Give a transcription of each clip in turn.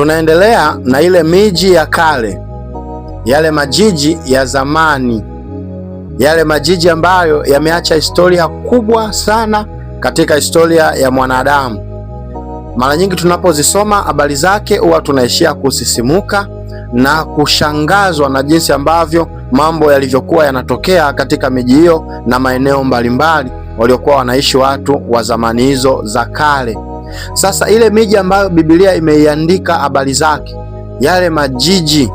Tunaendelea na ile miji ya kale, yale majiji ya zamani, yale majiji ambayo yameacha historia kubwa sana katika historia ya mwanadamu. Mara nyingi tunapozisoma habari zake huwa tunaishia kusisimuka na kushangazwa na jinsi ambavyo mambo yalivyokuwa yanatokea katika miji hiyo na maeneo mbalimbali waliokuwa wanaishi watu wa zamani hizo za kale. Sasa ile miji ambayo Biblia imeiandika habari zake, yale majiji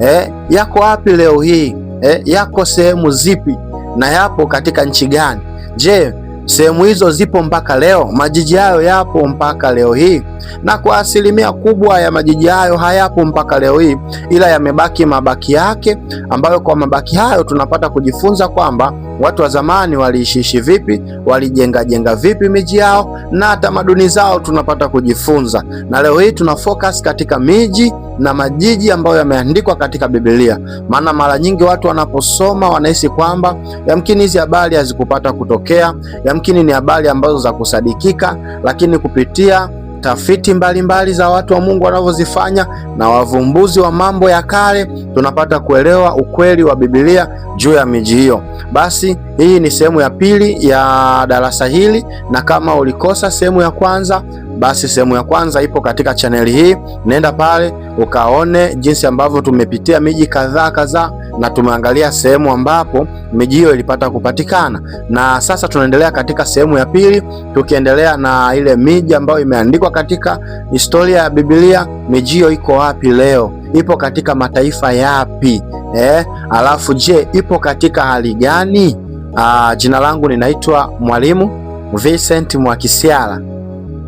eh, yako wapi leo hii eh, yako sehemu zipi na yapo katika nchi gani? Je, sehemu hizo zipo mpaka leo? Majiji hayo yapo mpaka leo hii? na kwa asilimia kubwa ya majiji hayo hayapo mpaka leo hii, ila yamebaki mabaki yake, ambayo kwa mabaki hayo tunapata kujifunza kwamba watu wa zamani waliishiishi vipi, walijengajenga vipi miji yao na tamaduni zao, tunapata kujifunza. Na leo hii tuna focus katika miji na majiji ambayo yameandikwa katika Biblia, maana mara nyingi watu wanaposoma wanahisi kwamba yamkini hizi habari hazikupata kutokea, yamkini ni habari ambazo za kusadikika, lakini kupitia tafiti mbalimbali mbali za watu wa Mungu wanavyozifanya na wavumbuzi wa mambo ya kale, tunapata kuelewa ukweli wa Biblia juu ya miji hiyo. Basi hii ni sehemu ya pili ya darasa hili, na kama ulikosa sehemu ya kwanza basi sehemu ya kwanza ipo katika chaneli hii, nenda pale ukaone jinsi ambavyo tumepitia miji kadhaa kadhaa na tumeangalia sehemu ambapo miji hiyo ilipata kupatikana, na sasa tunaendelea katika sehemu ya pili, tukiendelea na ile miji ambayo imeandikwa katika historia ya Biblia. Miji hiyo iko wapi leo? Ipo katika mataifa yapi? Eh, alafu je, ipo katika hali gani? Ah, jina langu ninaitwa Mwalimu Vincent Mwakisyala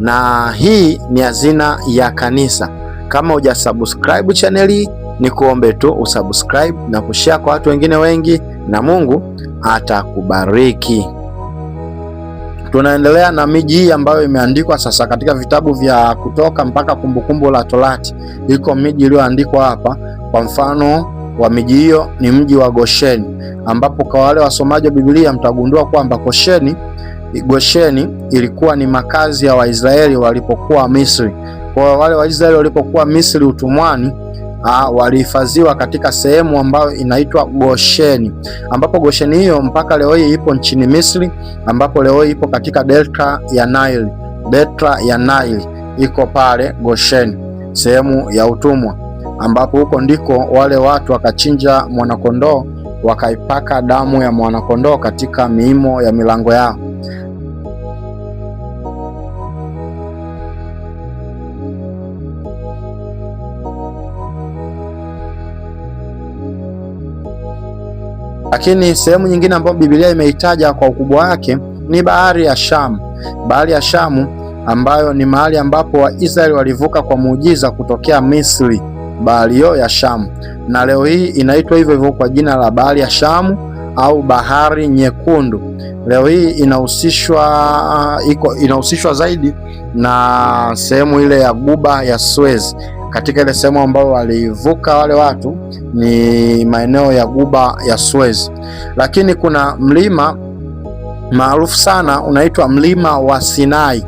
na hii ni Hazina ya Kanisa. Kama hujasubscribe hii ni kuombe tu usubscribe na kushare kwa watu wengine wengi, na Mungu atakubariki. Tunaendelea na miji hii ambayo imeandikwa sasa katika vitabu vya Kutoka mpaka Kumbukumbu la Torati. Iko miji iliyoandikwa hapa, kwa mfano wa miji hiyo ni mji wa Gosheni, ambapo kwa wale wasomaji wa Biblia mtagundua kwamba Gosheni Gosheni ilikuwa ni makazi ya Waisraeli walipokuwa Misri. Kwa wale Waisraeli walipokuwa Misri utumwani Ah, walihifadhiwa katika sehemu ambayo inaitwa Gosheni, ambapo Gosheni hiyo mpaka leo hii ipo nchini Misri, ambapo leo hii ipo katika delta ya Nile. Delta ya Nile iko pale Gosheni, sehemu ya utumwa, ambapo huko ndiko wale watu wakachinja mwanakondoo wakaipaka damu ya mwanakondoo katika miimo ya milango yao Lakini sehemu nyingine ambayo Biblia imeitaja kwa ukubwa wake ni bahari ya Shamu. Bahari ya Shamu ambayo ni mahali ambapo Waisraeli walivuka kwa muujiza kutokea Misri, bahari hiyo ya Shamu, na leo hii inaitwa hivyo hivyo kwa jina la bahari ya Shamu au bahari nyekundu. Leo hii inahusishwa iko inahusishwa zaidi na sehemu ile ya guba ya Suez katika ile sehemu ambayo walivuka wale watu ni maeneo ya guba ya Suez, lakini kuna mlima maarufu sana unaitwa mlima wa Sinai.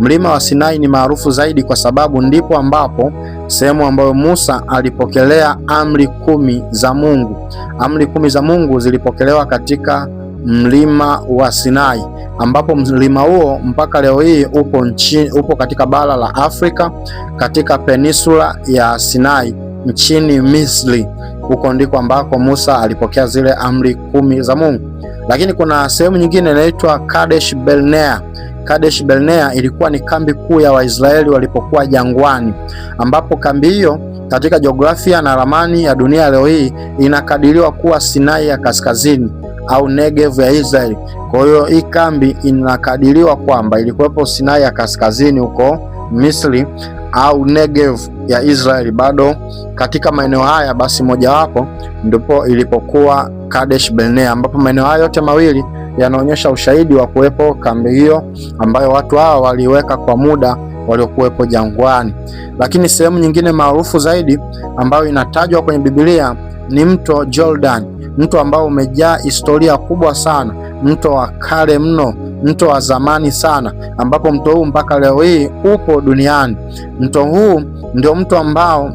Mlima wa Sinai ni maarufu zaidi kwa sababu ndipo ambapo sehemu ambayo Musa alipokelea amri kumi za Mungu. Amri kumi za Mungu zilipokelewa katika mlima wa Sinai, ambapo mlima huo mpaka leo hii upo nchini, upo katika bara la Afrika katika peninsula ya Sinai nchini Misri. Huko ndiko ambako Musa alipokea zile amri kumi za Mungu. Lakini kuna sehemu nyingine inaitwa Kadesh Barnea. Kadesh Barnea ilikuwa ni kambi kuu ya Waisraeli walipokuwa jangwani, ambapo kambi hiyo katika jiografia na ramani ya dunia leo hii inakadiriwa kuwa Sinai ya kaskazini au Negev ya Israeli. Kwa hiyo hii kambi inakadiriwa kwamba ilikuwepo Sinai ya kaskazini huko Misri au Negev ya Israeli. Bado katika maeneo haya basi mojawapo ndipo ilipokuwa Kadesh Barnea, ambapo maeneo haya yote mawili yanaonyesha ushahidi wa kuwepo kambi hiyo ambayo watu hawa waliweka kwa muda waliokuwepo jangwani. Lakini sehemu nyingine maarufu zaidi ambayo inatajwa kwenye Biblia ni mto Jordan, mto ambao umejaa historia kubwa sana, mto wa kale mno, mto wa zamani sana, ambapo mto huu mpaka leo hii upo duniani. Mto huu ndio mto ambao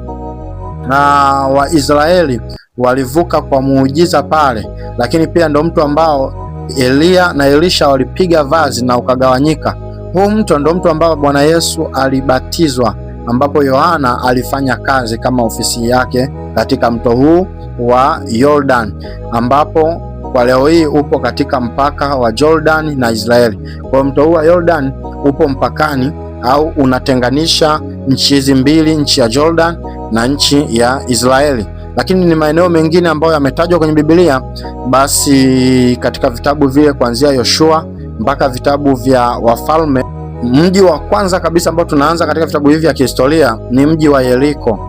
na ah, Waisraeli walivuka kwa muujiza pale, lakini pia ndio mto ambao Eliya na Elisha walipiga vazi na ukagawanyika. Huu mto ndo mto ambao Bwana Yesu alibatizwa, ambapo Yohana alifanya kazi kama ofisi yake katika mto huu wa Yordan, ambapo kwa leo hii upo katika mpaka wa Jordan na Israeli. Kwa mto huu wa Yordan upo mpakani au unatenganisha nchi hizi mbili, nchi ya Jordan na nchi ya Israeli lakini ni maeneo mengine ambayo yametajwa kwenye Biblia, basi katika vitabu vile kuanzia Yoshua mpaka vitabu vya Wafalme. Mji wa kwanza kabisa ambao tunaanza katika vitabu hivi vya kihistoria ni mji wa Yeriko,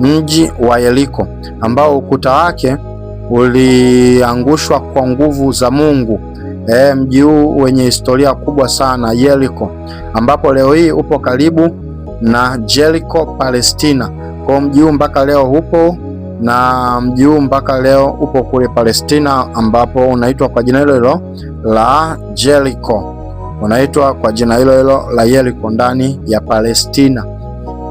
mji wa Yeriko ambao ukuta wake uliangushwa kwa nguvu za Mungu. E, mji huu wenye historia kubwa sana Yeriko, ambapo leo hii upo karibu na Jericho Palestina. Kwa mji huu mpaka leo upo na mji huu mpaka leo upo kule Palestina, ambapo unaitwa kwa jina hilo hilo la Jericho, unaitwa kwa jina hilo hilo la Jericho ndani ya Palestina.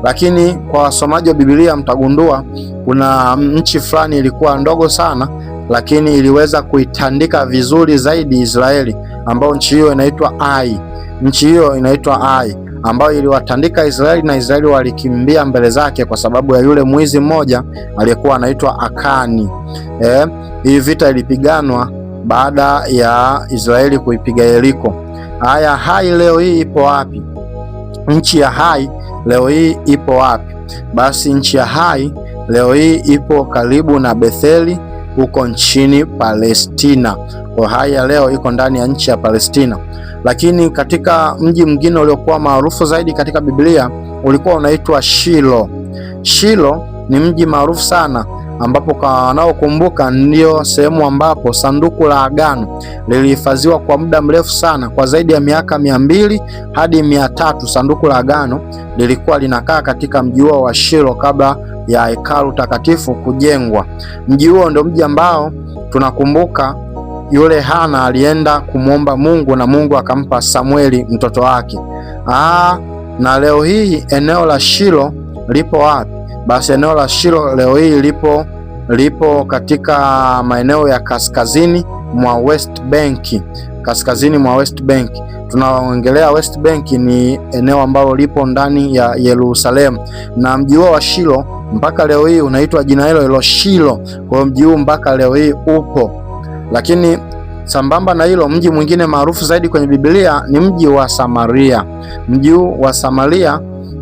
Lakini kwa wasomaji wa Biblia mtagundua kuna nchi fulani ilikuwa ndogo sana, lakini iliweza kuitandika vizuri zaidi Israeli, ambayo nchi hiyo inaitwa Ai. Nchi hiyo inaitwa Ai ambayo iliwatandika Israeli na Israeli walikimbia mbele zake kwa sababu ya yule mwizi mmoja aliyekuwa anaitwa Akani. Eh, hii vita ilipiganwa baada ya Israeli kuipiga Yeriko. Haya, Hai leo hii ipo wapi? Nchi ya Hai leo hii ipo wapi? Basi nchi ya Hai leo hii ipo karibu na Betheli huko nchini Palestina ya leo iko ndani ya nchi ya Palestina. Lakini katika mji mwingine uliokuwa maarufu zaidi katika Biblia ulikuwa unaitwa Shilo. Shilo ni mji maarufu sana ambapo kwa wanaokumbuka sehemu ambapo sanduku la agano lilihifadhiwa kwa muda mrefu sana, kwa zaidi ya miaka mia mbili hadi mia tatu. Sanduku la agano lilikuwa linakaa katika mji huo wa Shilo kabla ya hekalu takatifu kujengwa. Mji huo ndio mji ambao tunakumbuka yule Hana alienda kumwomba Mungu na Mungu akampa Samueli mtoto wake. Aa, na leo hii eneo la Shilo lipo wapi? Basi eneo la Shilo leo hii lipo lipo katika maeneo ya kaskazini mwa West Bank, kaskazini mwa West Bank. Tunaongelea West Bank ni eneo ambalo lipo ndani ya Yerusalemu, na mji huo wa Shilo mpaka leo hii unaitwa jina hilo hilo Shilo. Kwa hiyo mji huu mpaka leo hii upo lakini sambamba na hilo, mji mwingine maarufu zaidi kwenye Biblia ni mji wa Samaria. Mji wa Samaria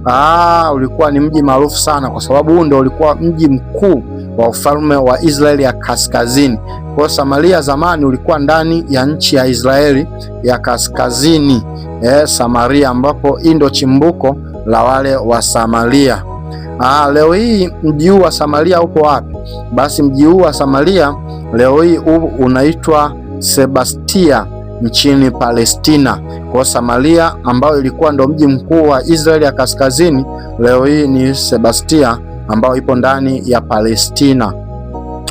aa, ulikuwa ni mji maarufu sana, kwa sababu huu ndio ulikuwa mji mkuu wa ufalme wa Israeli ya kaskazini. Kwa Samaria zamani ulikuwa ndani ya nchi ya Israeli ya kaskazini eh, Samaria ambapo hii ndio chimbuko la wale wa Samaria. Aa, leo hii mji huu wa Samaria uko wapi? Basi mji huu wa Samaria leo hii unaitwa Sebastia nchini Palestina. Kwa Samaria ambayo ilikuwa ndo mji mkuu wa Israeli ya kaskazini, leo hii ni Sebastia ambayo ipo ndani ya Palestina.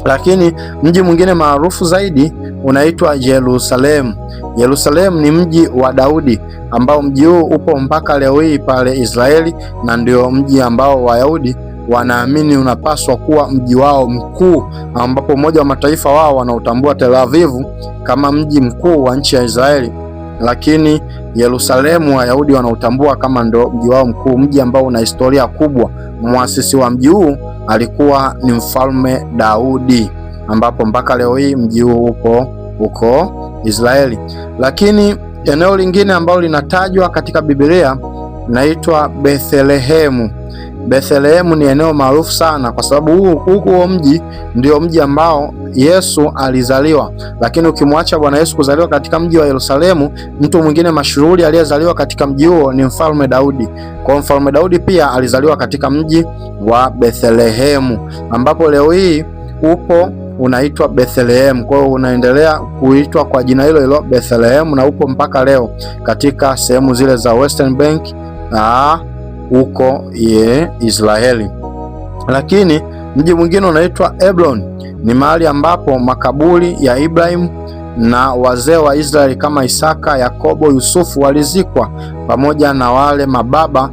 Lakini mji mwingine maarufu zaidi unaitwa Yerusalemu. Yerusalemu ni mji wa Daudi ambao mji huu upo mpaka leo hii pale Israeli na ndio mji ambao Wayahudi wanaamini unapaswa kuwa mji wao mkuu, ambapo Umoja wa Mataifa wao wanautambua Tel Avivu kama mji mkuu wa nchi ya Israeli, lakini Yerusalemu Wayahudi wanautambua kama ndo mji wao mkuu, mji ambao una historia kubwa. Muasisi wa mji huu alikuwa ni Mfalme Daudi, ambapo mpaka leo hii mji huu upo uko Israeli. Lakini eneo lingine ambalo linatajwa katika Biblia naitwa Bethlehemu. Bethlehemu ni eneo maarufu sana kwa sababu huko mji ndio mji ambao Yesu alizaliwa. Lakini ukimwacha Bwana Yesu kuzaliwa katika mji wa Yerusalemu, mtu mwingine mashuhuri aliyezaliwa katika mji huo ni Mfalme Daudi. Kwa Mfalme Daudi pia alizaliwa katika mji wa Bethlehemu, ambapo leo hii upo unaitwa Bethlehem. Kwa hiyo unaendelea kuitwa kwa jina hilo hilo Bethlehem, na upo mpaka leo katika sehemu zile za Western Bank. Aa, huko ye Israeli. Lakini mji mwingine unaitwa Eblon, ni mahali ambapo makaburi ya Ibrahimu na wazee wa Israeli kama Isaka, Yakobo, Yusufu walizikwa pamoja na wale mababa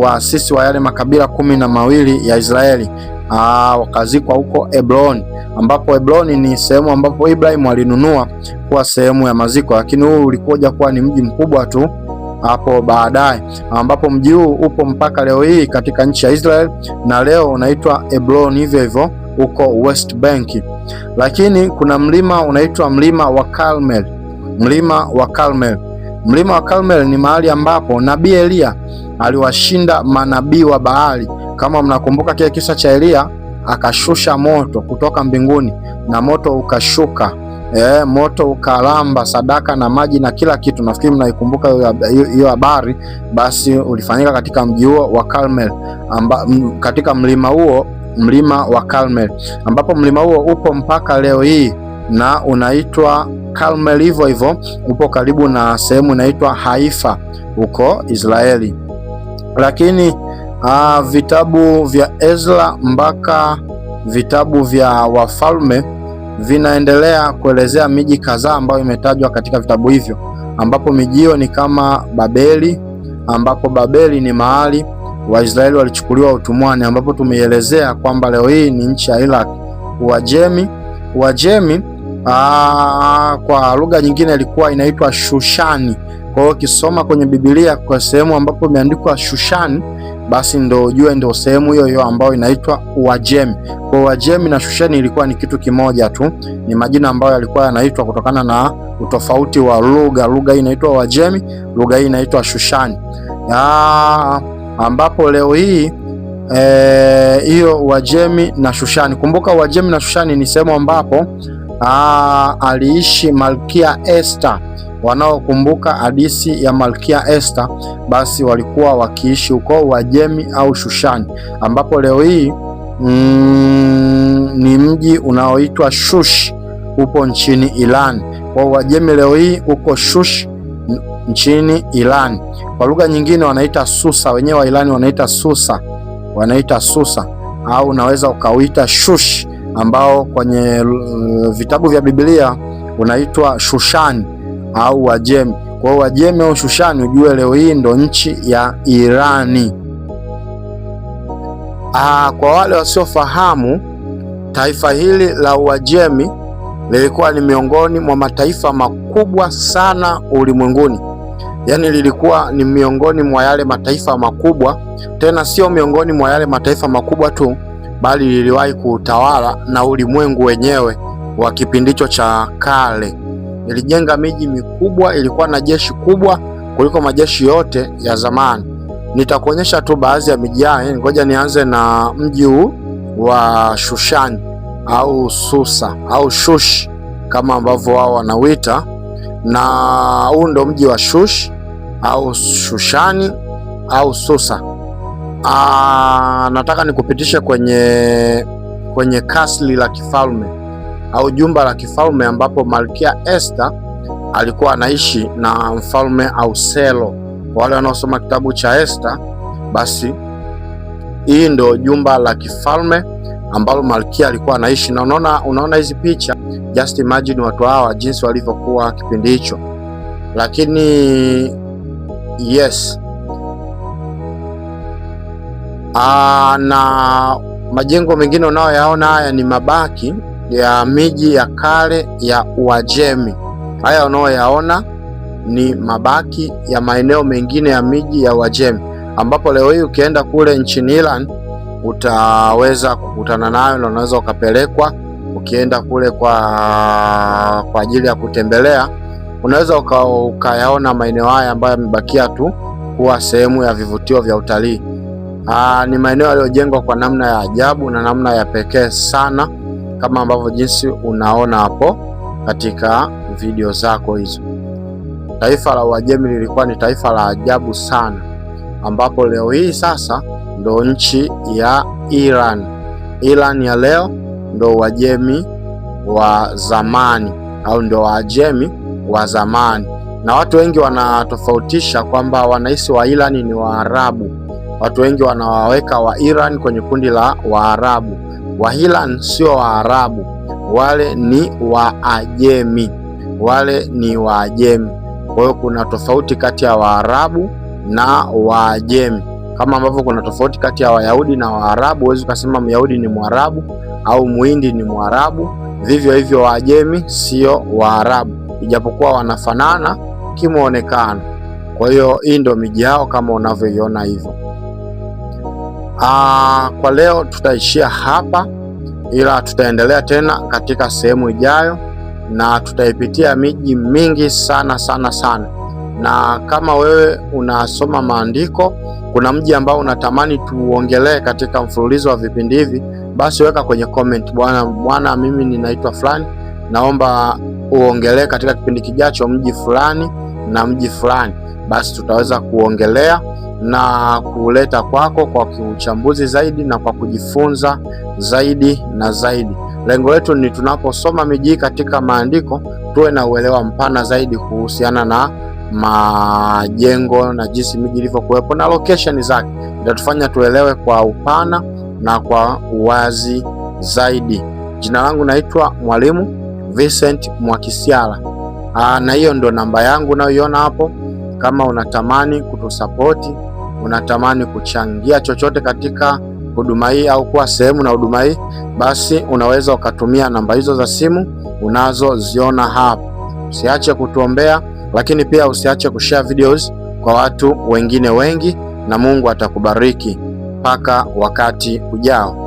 waasisi wa yale makabila kumi na mawili ya Israeli. Ah, wakazikwa huko Hebroni, ambapo Hebroni ni sehemu ambapo Ibrahim alinunua kuwa sehemu ya maziko, lakini huu ulikuja kuwa ni mji mkubwa tu hapo baadaye, ambapo mji huu upo mpaka leo hii katika nchi ya Israel na leo unaitwa Hebron hivyo hivyo huko West Bank. Lakini kuna mlima unaitwa mlima wa Carmel, mlima wa Karmel. Mlima wa Karmel ni mahali ambapo nabii Eliya aliwashinda manabii wa Baali. Kama mnakumbuka kile kisa cha Eliya, akashusha moto kutoka mbinguni na moto ukashuka eh, moto ukalamba sadaka na maji na kila kitu. Nafikiri mnaikumbuka hiyo habari. Basi ulifanyika katika mji huo wa m, katika mlima huo, mlima wa Carmel, ambapo mlima huo upo mpaka leo hii na unaitwa Carmel Hivyo hivyo upo karibu na sehemu inaitwa Haifa huko Israeli, lakini a, ah, vitabu vya Ezra mpaka vitabu vya Wafalme vinaendelea kuelezea miji kadhaa ambayo imetajwa katika vitabu hivyo, ambapo miji hiyo ni kama Babeli, ambapo Babeli ni mahali Waisraeli walichukuliwa utumwani, ambapo tumeielezea kwamba leo hii ni nchi ya Iraq. Uajemi, Uajemi aa, kwa lugha nyingine ilikuwa inaitwa Shushani. Kwa hiyo ukisoma kwenye Biblia kwa sehemu ambapo imeandikwa Shushani basi ndo ujue ndo sehemu hiyo hiyo ambayo inaitwa Uajemi. Kwa Uajemi na Shushani ilikuwa ni kitu kimoja tu, ni majina ambayo yalikuwa yanaitwa kutokana na utofauti wa lugha. Lugha hii inaitwa Uajemi, lugha hii inaitwa Shushani ya, ambapo leo hii eh, hiyo e, Uajemi na Shushani. Kumbuka Uajemi na Shushani ni sehemu ambapo ah, aliishi Malkia Esther wanaokumbuka hadithi ya Malkia Esther basi walikuwa wakiishi huko Uajemi au Shushani, ambapo leo hii mm, ni mji unaoitwa Shush upo nchini Iran. Kwa Uajemi leo hii uko Shush nchini Iran. Kwa lugha nyingine wanaita Susa, wenyewe wa Iran wanaita Susa, wanaita Susa au unaweza ukauita Shush ambao kwenye vitabu vya Biblia unaitwa Shushani au Wajemi. Kwa hiyo Wajemi au Shushani, ujue leo hii ndo nchi ya Irani. Aa, ah, kwa wale wasiofahamu, taifa hili la Uajemi lilikuwa ni miongoni mwa mataifa makubwa sana ulimwenguni. Yaani lilikuwa ni miongoni mwa yale mataifa makubwa, tena sio miongoni mwa yale mataifa makubwa tu, bali liliwahi kuutawala na ulimwengu wenyewe wa kipindicho cha kale. Ilijenga miji mikubwa, ilikuwa na jeshi kubwa kuliko majeshi yote ya zamani. Nitakuonyesha tu baadhi ya miji yao. Ngoja nianze na mji huu wa Shushani au Susa au Shush kama ambavyo wao wanauita, na huu ndo mji wa Shush au Shushani au Susa. Aa, nataka nikupitishe kwenye kwenye kasli la kifalme au jumba la kifalme ambapo Malkia Esther alikuwa anaishi na mfalme auselo Kwa wale wanaosoma kitabu cha Esther, basi hii ndio jumba la kifalme ambalo malkia alikuwa anaishi, na unaona unaona hizi picha, just imagine watu hawa jinsi walivyokuwa kipindi hicho. Lakini yes aa, ah, na majengo mengine unayoyaona haya ni mabaki ya miji ya kale ya Uajemi. Haya unaoyaona ni mabaki ya maeneo mengine ya miji ya Uajemi, ambapo leo hii ukienda kule nchini Iran utaweza kukutana nayo na unaweza ukapelekwa. Ukienda kule kwa kwa ajili ya kutembelea, unaweza uka, ukayaona maeneo haya ambayo yamebakia tu kuwa sehemu ya vivutio vya utalii. Aa, ni maeneo yaliyojengwa kwa namna ya ajabu na namna ya pekee sana kama ambavyo jinsi unaona hapo katika video zako hizo. Taifa la Uajemi lilikuwa ni taifa la ajabu sana, ambapo leo hii sasa ndo nchi ya Iran. Iran ya leo ndo Uajemi wa zamani au ndo Waajemi wa zamani, na watu wengi wanatofautisha kwamba wanahisi wa Iran ni Waarabu. Watu wengi wanawaweka wa Iran kwenye kundi la Waarabu wahilan sio Waarabu, wale ni Waajemi, wale ni Waajemi. Kwa hiyo kuna tofauti kati ya Waarabu na Waajemi, kama ambavyo kuna tofauti kati ya Wayahudi na Waarabu. Huwezi ukasema Myahudi ni Mwarabu au Muhindi ni Mwarabu. Vivyo hivyo, Waajemi sio Waarabu, ijapokuwa wanafanana kimuonekano. Kwa hiyo hii ndio miji yao kama unavyoiona hivyo. Aa, ah, kwa leo tutaishia hapa, ila tutaendelea tena katika sehemu ijayo na tutaipitia miji mingi sana sana sana. Na kama wewe unasoma maandiko, kuna mji ambao unatamani tuongelee katika mfululizo wa vipindi hivi, basi weka kwenye comment, bwana bwana, mimi ninaitwa fulani, naomba uongelee katika kipindi kijacho mji fulani na mji fulani, basi tutaweza kuongelea na kuleta kwako kwa uchambuzi zaidi na kwa kujifunza zaidi na zaidi. Lengo letu ni tunaposoma miji katika maandiko tuwe na uelewa mpana zaidi kuhusiana na majengo na jinsi miji ilivyokuwepo na location zake, itatufanya tuelewe kwa upana na kwa uwazi zaidi. Jina langu naitwa Mwalimu Vincent Mwakisyala. Aa, na hiyo ndo namba yangu unayoiona hapo. Kama unatamani kutusapoti, unatamani kuchangia chochote katika huduma hii au kuwa sehemu na huduma hii, basi unaweza ukatumia namba hizo za simu unazoziona hapa Usiache kutuombea, lakini pia usiache kushare videos kwa watu wengine wengi, na Mungu atakubariki mpaka wakati ujao.